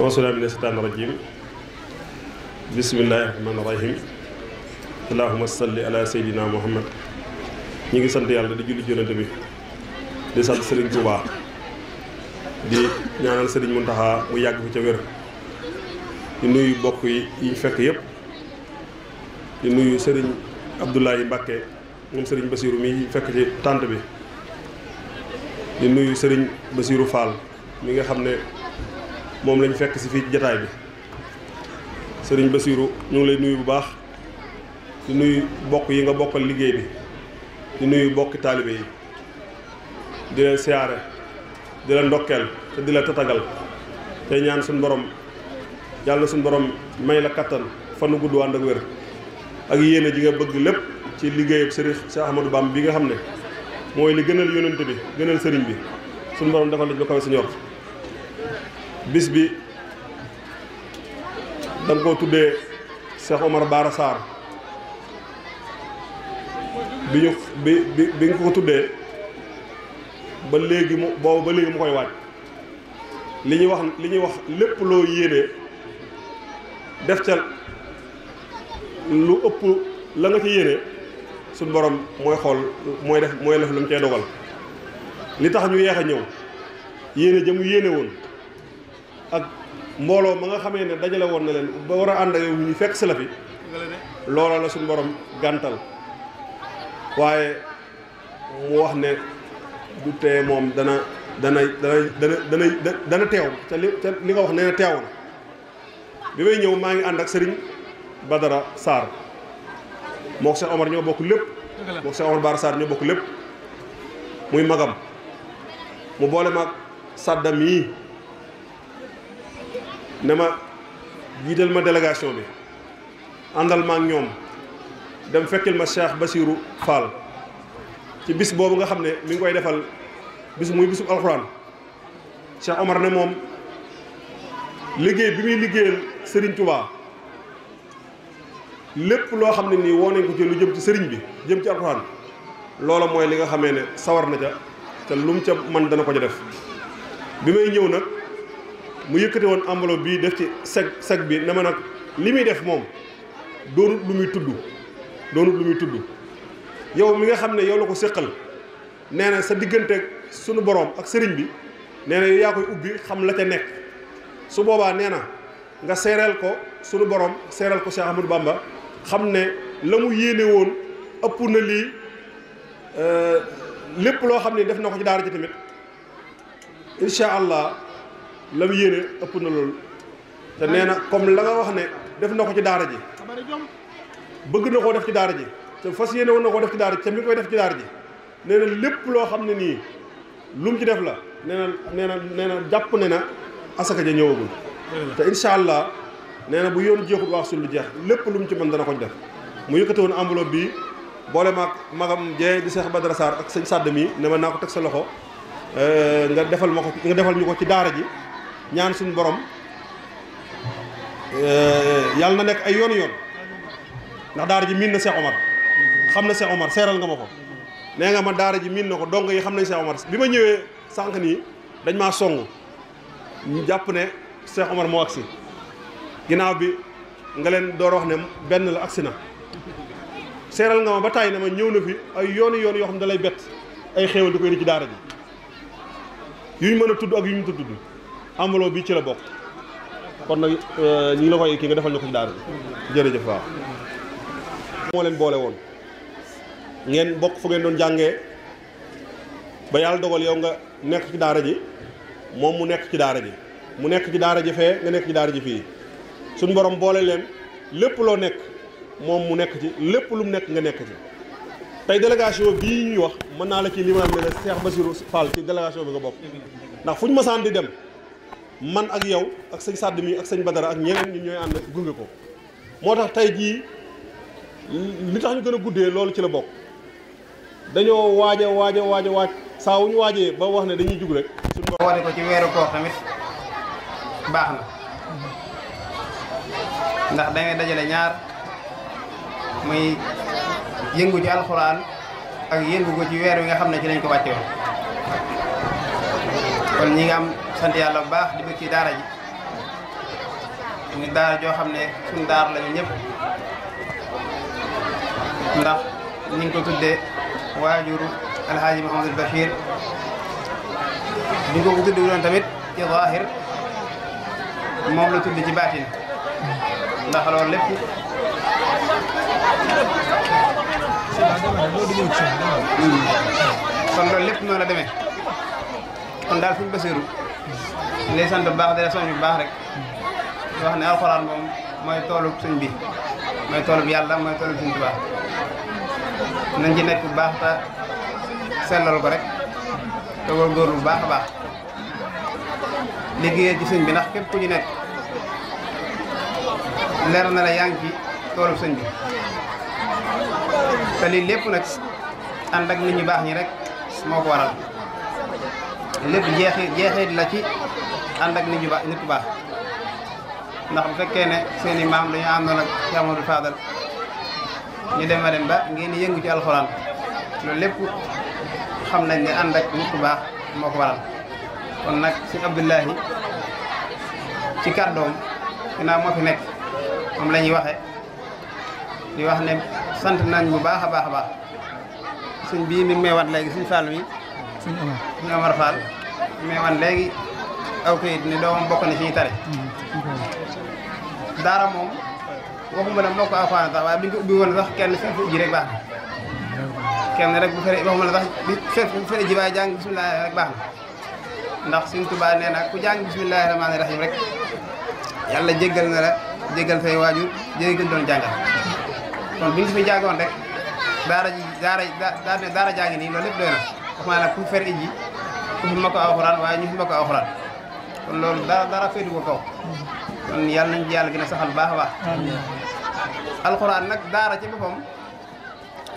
ausubillahi mina seytaani rajim bismillahi rahmaani rahim allahuma salli ala seydina muhammad ñi ngi sant yàlla di julli jonante bi di sant sëriñ Tuubaa di ñaanal sëriñ Muntaxa mu yàgg fi ca wér di nuyu bokk yi ñu fekk yépp di nuyu sëriñ Abdoulaye Mbàkke moom sëriñ Basiiru mi fekk ci tànt bi di nuyu sëriñ Basirou Fall mi nga xam ne moom lañ fekk ci fii jataay bi sëriñ Basirou ñu ngi lay nuyu bu baax di nuyu bokk yi nga bokkal liggéey bi di nuyu bokki taalibe yi di leen siyaare di leen ndokkeel te di la tatagal tey ñaan suñu borom yàlla suñu borom may la kattan fanu gudd ànd ak wér ak yéene ji nga bëgg lépp ci liggéey ak sëriñ Cheikh Ahmadou Bamba bi nga xam ne mooy li gënal yonent bi gënal sëriñ bi suñu borom defal lañ lu kawe si ñor bis bi da koo tuddee Cheikh Omar Bara Sarr bi ñu bi bi bi nga ko tuddee ba léegi mu boobu ba léegi mu koy waaj li ñuy wax li ñuy wax lépp loo yéenee def ca lu ëpp la nga ci yéene suñu borom mooy xool mooy def mooy def lu mu cee dogal li tax ñu yeex a ñëw yéene jëm yéene woon ak mbooloo ma nga xamee ne dajale woon na leen ba war a ànd ak yow ñu fekk si la fi loola la suñu borom gàntal waaye mu wax ne du tee moom dana dana dana dana dana teew ca li ca li nga wax ne na teew na bi may ñëw maa ngi ànd ak sëriñ Badara Sarr moo ko Cheikh Omar ñoo bokk lépp moo ko Cheikh Omar Bara ñoo bokk lépp muy magam mu boole maag sàddam yi ne ma jiital ma délégation bi àndal ma ak ñoom dem fekkil ma Cheikh Basirou Fall ci bis boobu nga xam ne mi ngi koy defal bis muy bisub alxuraan Cheikh Omar ne moom liggéey bi muy liggéeyal Serigne Touba lépp loo xam ne nii woo nañ ko ci lu jëm ci sëriñ bi jëm ci alxuraan loola mooy li nga xamee ne sawar na ca te lu ca man dana ko ca def bi may ñëw nag mu yëkkate woon enveloppe bi def ci sëg seg bi ne ma nag li muy def moom doonut lu muy tudd doonut lu muy tudd yow mi nga xam ne yow la ko séqal nee na sa diggante sunu borom ak sëriñ bi nee na yow yaa koy ubbi xam la ca nekk su boobaa nee na nga seereel ko sunu borom seereel ko Cheikh Ahmadou Bamba xam ne la mu yéene woon ëpp na lii euh, lépp loo xam ne def na ko ci daara ji tamit incha allah la mu yéene ëpp na loolu te nee na comme la nga wax ne def na ko ci daara ji bëgg na koo def ci daara ji te fas yéene woon na koo def ci daara ji te mi koy def ci daara ji nee lépp loo xam ne nii lu mu ci def la nee na nee na nee jàpp ne na asaka ja ñëwagul te incha allah nee na bu yoon jeexul wax suñu lu jeex lépp lu mu ci mën dana ko def mu yëkkati woon enveloppe bi boole maag magam jee di seex Badara ak sëñ sàdd mi ne ma naa ko teg sa loxo euh, nga defal ma ko nga defal ñu ko ci daara ji ñaan suñu borom euh, yàlla na nekk ay yoon yoon ndax daara ji miin na Cheikh Omar xam na Cheikh Omar seeral nga ma ko nee nga ma daara ji miin na ko dong yi xam nañ Cheikh Omar bi ma ñëwee sànq nii dañ maa song ñu jàpp ne Cheikh Omar moo agsi ginnaaw bi nga leen door wax ne benn la agsi na seeral nga ma ba tàyyi na ma ñëw na fi ay yoonu yoon yoo xam ne da lay bett ay xéewal du koy di ci daara ji yu ñu mën a tudd ak yu ñu tudd enveloppe bi ci la bokk kon nag euh, ñu ngi la koy kii nga defal ñu ko ci daara ji jërëjëf waaw moo leen boole woon ngeen bokk fu ngeen doon jàngee ba yàlla dogal yow nga nekk ci daara ji moom mu nekk ci daara ji mu nekk ci daara ji fee nga nekk ci daara ji fii suñ borom boole leen lépp loo nekk moom mu nekk ci lépp lu mu nekk nga nekk ci tey délégation bii ñuy wax mën naa la ci limaam ne la Cheikh Bassirou Fall ci délégation bi nga bokk ndax fu ñu masaan di dem man ak yow ak sëñ sàdd mi ak sëñ Badara ak ñeneen ñi ñooy ànd gunge ko moo tax tey jii tax ñu gën a guddee loolu ci la bokk dañoo waaj a waaj a waaj saa wu ñu waajee ba wax ne dañuy jug rek. suñu borom wane ko ci weeru koor tamit baax na. ndax da dajale ñaar muy yëngu ci alxuraan ak yëngu ko weer wi nga xam ne ci lañ ko wàcce woon kon ñi nga am sant yàlla bu baax di bëgg ci daara ji ñu daara joo xam ne suñ daara lañu ñëpp ndax ñu ngi ko tuddee waajuru alxaaji Mahamadul Bachir ñu ngi ko tuddee woon tamit ci zaahir moom la tudd ci baatin ndax loolu lépp. kon loolu lépp noonu la deme kon daal suñu Basiiru lay sant baax dara soñ bu baax rek wax ne alxuraan moom mooy toolu suñ bi mooy toolu yàlla mooy toolu suñ Tuubaa nañ ci nekk bu baax te sellal ko rek te góorgóorlu bu baax a baax liggéeyee ci suñ bi ndax képp ku ñu nekk. leer na la yaa ngi ci toolub sëñ bi lii lépp nag ànd ak nit ñu baax ñi rek moo ko waral lépp jeexi jeexit la ci ànd ak nit ñu baax nit ndax bu fekkee ne seeni i maam dañu àndoon ak Cheikh Amadou Fadal ñu dem a dem ba ngeen yëngu ci alxuraan loolu lépp xam nañ ni ànd ak nit baax moo ko waral kon nag si Abdullahi ci kàddoom ginnaaw moo fi nekk moom lañuy ñuy waxee di wax ne sant nañ bu baax a baax a baax suñ bii mi may wan léegi suñ Fall mi suñ Omar Fall may wan léegi aw kayit ni doomam mbokk na ci tare mm-hmm. daara moom waxuma la moo ko alxuraan sax waaye bu ñu ko ubbi woon sax kenn fi ubbi baax kenn rek bu fere waxuma la sax bi fekk bu fere ji waaye jàng rek baax na ndax suñ Tuubaa nee na ku jàng bisimilah rahmaani rahim rek yàlla jéggal na la jéggal say waajur jërëjëf dañu doon jàngal kon bu ñu fi jàngoon rek daara ji daara daara daara jàngi nii loolu lépp doy na waxumaa nag ku fer ji ku fi mbokk alxuraan waaye ñu fi mbokk alxuraan kon loolu dara dara féetu ko kaw kon yàlla nañu yàlla gën a saxal baax a baax. alxuraan nag daara ci boppam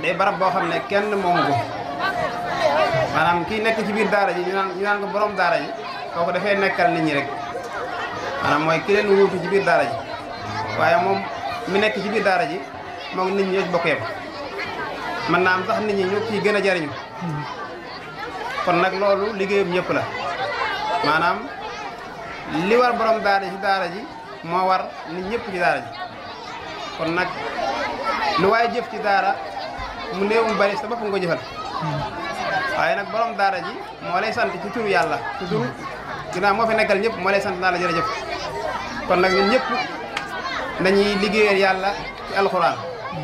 de barab boo xam ne kenn moomu ko maanaam kii nekk ci biir daara ji ñu naan ñu naan ko borom daara ji kooku dafay nekkal nit ñi rek maanaam mooy ki leen ci biir daara ji. waaye moom mi nekk ci biir daara ji moom nit ñi ñoo bokk yam mën naa am sax nit ñi ñoo ciy gën a jariñu kon nag loolu liggéeyam ñëpp la maanaam li war boroom daara ci daara ji moo war nit ñëpp ci daara kon nag lu waaye jëf ci daara mu néew mu bari sa bopp nga ko jëfal waaye nag boroom daara ji moo lay sant ci turu yàlla ci turu ginnaaw moo fi nekkal ñëpp moo lay sant naa la jërëjëf kon nag ñëpp dañuy liggéeyal yàlla ci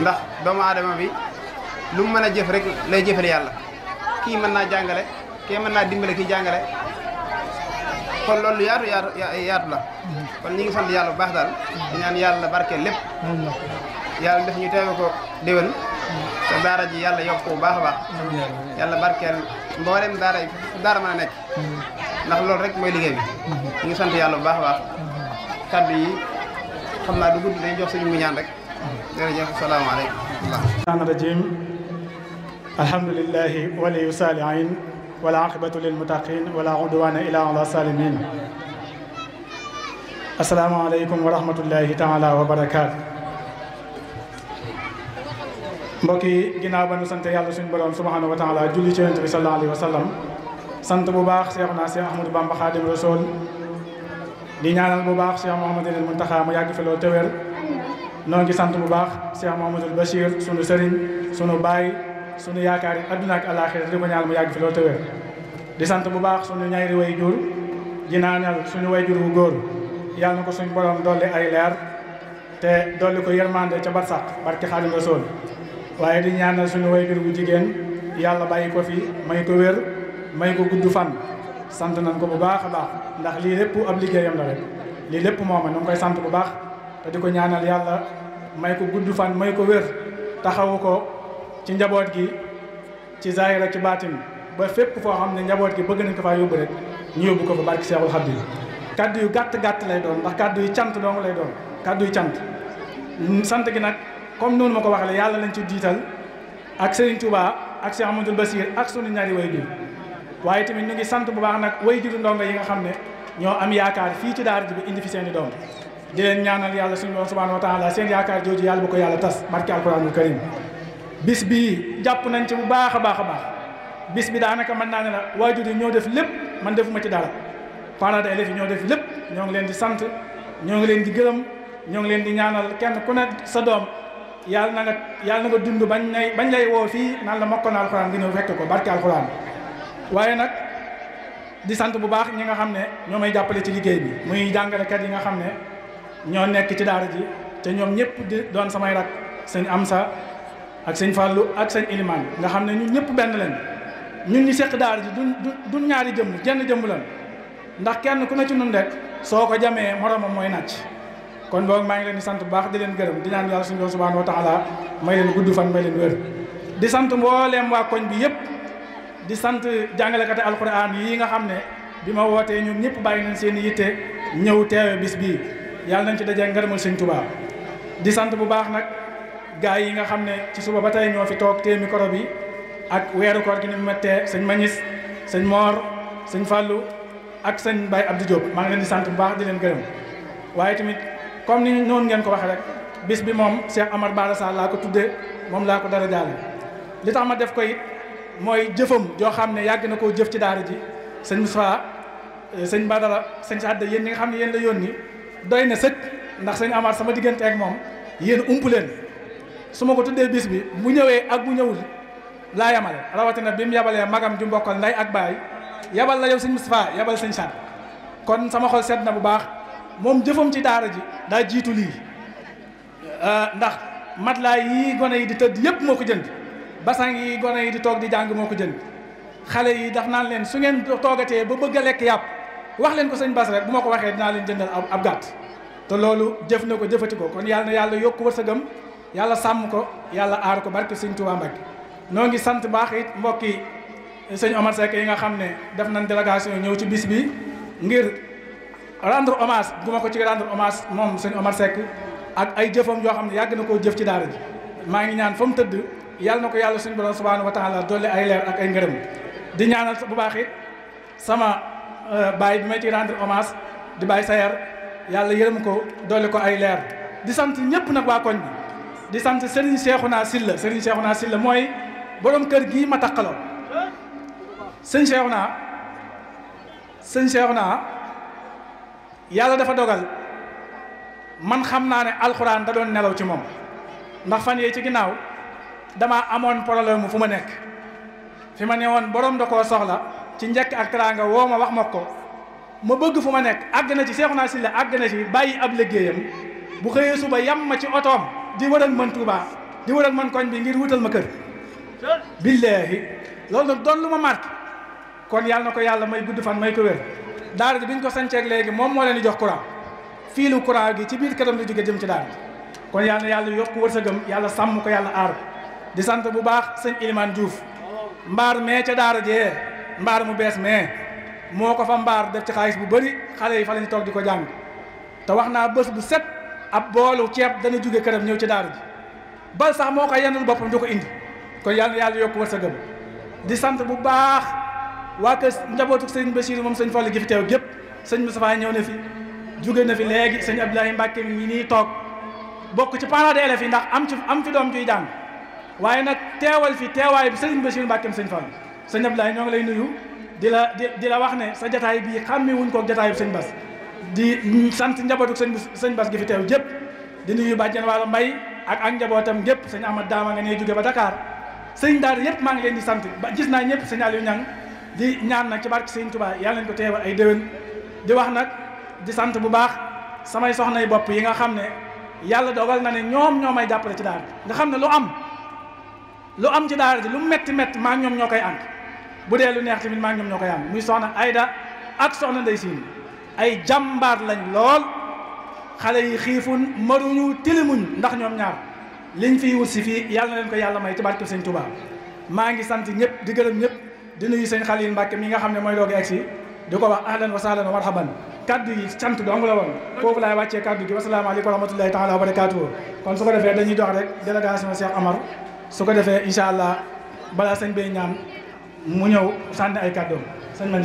ndax doomu aadama bi lu mën a jëf rek lay jëfal yàlla kii mën naa jàngale kii mën naa dimbale kii jàngale kon loolu yaatu yaatu yaatu la kon ñi ngi sant yàlla bu baax daal di ñaan yàlla barke lépp yàlla def ñu teewe ko déwén te daara ji yàlla yokk bu baax a baax yàlla barkeel mboolem daara daara mën a nekk ndax loolu rek mooy liggéey bi ñu ngi sant yàlla bu baax baax kàddu yi xam naa du gudd dañ jox suñu mu ñaan rek jërëjëf asalaamaaleykum rahman rajim alhamdulilahi waliyu saalihin wala aqibatu lil mutaqin wala udwana ila ala salimin asalaamaaleykum wa rahmatullahi taala wa barakaatu mbokk yi ginnaaw ba nu sant yàlla suñu borom subhanahu wa taala julli ci yonent bi sallallahu alayhi wa sallam sant bu baax seexu naa seex ahmadou bamba xaadim rasul di ñaanal bu baax Cheikh Mouhamadul Mountakha mu yàgg fi loolu tewér noo ngi sant bu baax Cheikh Mouhamadul Bachir sunu sëriñ sunu baay sunu yaakaar yi adduna ak alaaxira di ko ñaanal mu yàgg fi loolu di sant bu baax sunu ñaari way jur di ñaanal suñu way jur bu góor yàlla na ko suñu borom dolli ay leer te dolli ko yërmande ca barsàq barke Xaadimu Rasuul waaye di ñaanal suñu way jur bu jigéen yàlla bàyyi ko fi may ko wér may ko gudd fan sant nañ ko bu baax a baax ndax lii lépp ab liggéeyam la rek lii lépp mooma nu ngi koy sant bu baax te ko ñaanal yàlla may ko gudd fan may ko wér taxawu ko ci njaboot gi ci zaahira ci baatin ba fépp foo xam ne njaboot gi bëgg nañ ko faa yóbbu rek ñu yóbbu ko fa barki Seexul Xadiim kaddu yu gàtt gàtt lay doon ndax kaddu yu cant dong lay doon kaddu yu cant sant gi nag comme noonu ma ko waxee yàlla lañ ci diital ak Serigne Touba ak Cheikh Amadou Bassir ak sunu ñaari way waaye tamit ñu ngi sant bu baax nag way juru ndongo yi nga xam ne ñoo am yaakaar fii ci daar ji indi fi seen i doom di ñaanal yàlla suñu borom subhanahu wa taala seen yaakaar jooju yàlla bu ko yàlla tas barke alquranul karim bis bi jàpp nañ ci bu baax a baax a baax bis bi daanaka mën naa ne la waajur yi ñoo def lépp man defuma ci dara parents d'élèves yi ñoo def lépp ñoo ngi leen di sant ñoo ngi leen di gërëm ñoo ngi leen di ñaanal kenn ku ne sa doom yàlla na nga yàlla na nga dund bañ lay bañ lay woo fii naan la mokkoon alxuraan nga ñëw fekk ko barke alxuraan waaye nag di sant bu baax ñi nga xam ne ñoo may jàppale ci liggéey bi muy jàngalekat yi nga xam ne ñoo nekk ci daara ji te ñoom ñëpp di doon samay rak sëñ Amsa ak sëñ Fallou ak sëñ Ilimane nga xam ne ñun ñëpp benn leen ñun ñi seq daara ji duñ duñ ñaari jëmm jenn jëmm lan ndax kenn ku ne ci nun rek soo ko jamee moromam mooy nàcc kon boog maa ngi leen di sant bu baax di leen gërëm di ñaan yàlla suñu borom subhanahu wa taala may leen gudd fan may leen di sant mbooleem waa bi yëpp di sant jàngalekate alquran yi nga xam ne bi ma wootee ñun ñëpp bàyyi nañ seen yitte ñëw teewe bis bii yàlla nañ ci dajee ngërëmal seen Tuubaa di sant bu baax nag gaay yi nga xam ne ci suba ba tey ñoo fi toog tée micro bi ak weeru koor gi ni ma tee sëñ Mañis sëñ Moor sëñ Fàllu ak sëñ ab di Diop maa ngi leen di sant bu baax di leen gërëm waaye tamit comme ni noonu ngeen ko waxee rek bis bi moom Cheikh Amar Bara laa ko tuddee moom laa ko dara jaale li mooy jëfam joo xam ne yàgg na koo jëf ci daara ji sëñ Moustapha eh, sëñ Badara sëñ Sadda yéen ñi nga xam ne yéen la yónni doy na sëkk ndax sëñ Amath sama diggante ak moom yéen ump leen su ma ko tuddee bis bi mu ñëwee ak mu ñëwul laa yamal rawatina bim mu yabalee magam ju mbokkal nday ak baay yabal la yow sëñ Moustapha yabal sëñ Sadda kon sama xol sedd na bu baax moom jëfam ci daara ji daa jiitu lii eh, ndax mat matelas yii gone yi di tëdd yëpp moo ko jënd. basang yi gone yi di toog di jàng moo ko jënd xale yi daf naan leen su ngeen toogatee ba bëgg lekk yàpp wax leen ko sëñ Bas rek bu ma ko waxee dinaa leen jëndal ab gàtt te loolu jëf na ko jëfati ko kon yàlla na yàlla yokk wërsëgam yàlla sàmm ko yàlla aar ko barke sëñ Touba Mbacke noo ngi sant baax it mbokk yi sëñ Omar Seck yi nga xam ne def nañ délégation ñëw ci bis bi ngir rendre hommage bu ma ko ci rendre hommage moom seen Omar Seck ak ay jëfam yoo xam ne yàgg na koo jëf ci daara ji maa yàlla na ko yàlla suñu borom subhanahu wa taala dolli ay leer ak ay di ñaanal bu baax sama euh, baay bi may ci rendre hommage di baay sayer yàlla yërëm ko doole ko ay leer di sant ñëpp nag waa koñ bi di sant naa Cheikhouna Sylla Serigne naa Sylla mooy borom kër gii ma taqaloo sëñ naa sëñ naa yàlla dafa dogal man xam naa ne alxuraan da doon nelaw ci moom ndax fan yee ci ginnaaw. dama amoon problème fu ma nekk fi ma ne woon borom da koo soxla ci njëkk ak teraanga woo ma wax ma ko ma bëgg fu ma nekk àgg na ci Seexuna Silla àgg na ci bàyyi ab liggéeyam bu xëyee suba yam ma ci otoom di waral man Touba di waral man koñ bi ngir wutal ma kër billaahi loolu nag doon lu ma marqué kon yàlla na ko yàlla may gudd fan may ko wér daara ji bi ñu léegi moom moo leen di jox courant fii lu courant gi ci biir këram la jóge jëm ci daara kon yàlla na yàlla yokk wërsëgam yàlla sàmm ko yàlla aar di sant bu baax sëñ Ilimane Diouf mbaar mee ca daara jee mbaar mu bees mee moo ko fa mbaar def ci xaalis bu bari xale yi fa lañ toog di ko jàng te wax naa bës bu set ab boolu ceeb dana jóge këram ñëw ci daara ji bal sax moo ko yendul boppam di ko indi kon yàlla na yàlla yokk wërsëgam di sant bu baax waa kër njabootu sëñ Bachir moom seen Fallou gi fi teew gépp sëñ Moustapha ñëw ne fi jóge na fi léegi sëñ Abdoulaye Mbacke mi ngi nii toog bokk ci parents d'élèves yi ndax am am fi doom ciy waaye nag teewal fi teewaay bi sëriñ Bachir Mbàkkeem sëñ Fall sëñ Abdoulaye ñoo ngi lay nuyu di la di la wax ne sa jataay bii xàmmi wuñ ko jataay bi sëñ Bas di sant njabootu sëñ sëñ Bas gi fi teew jëpp di nuyu bàjjen wàlla mbay ak ak njabootam gépp sëñ Amad Daama nga nee jóge ba Dakar sëñ daara yëpp maa ngi leen di sant ba gis naa ñëpp sëñ Aliou Niang di ñaan nag ci barke sëñ Touba yàlla nañ ko teewal ay déwén di wax nag di sant bu baax samay soxnay bopp yi nga xam ne yàlla dogal na ne ñoom ñoo may jàppale ci daara nga xam ne lu am lu am ci daara ji lu metti metti maa ñoom ñoo koy ànd bu dee lu neex tamit maa ñoom ñoo koy ànd muy soxna Ayda ak soxna Ndey Siin ay jàmbaar lañ lool xale yi xiifuñ maruñu tilimuñ ndax ñoom ñaar liñ fiy wut si fii yàlla na leen ko yàlla may ci barke sëñ Touba maa ngi sant ñëpp di gërëm ñëpp yu nuyu sëñ Xalil Mbàkke mi nga xam ne mooy doogi egsi di ko wax ahlan wa sahlan wa marhaban kaddu yi sant dong la woon foofu laay wàccee kaddu gi wasalaamaaleykum wa rahmatullahi taala wa barakaatuhu kon su ko defee dañuy dox rek délégation Cheikh Amar su ko defee incha allah balaa sëñ bay ñaan mu ñëw sànni ay kàddoom sëñ man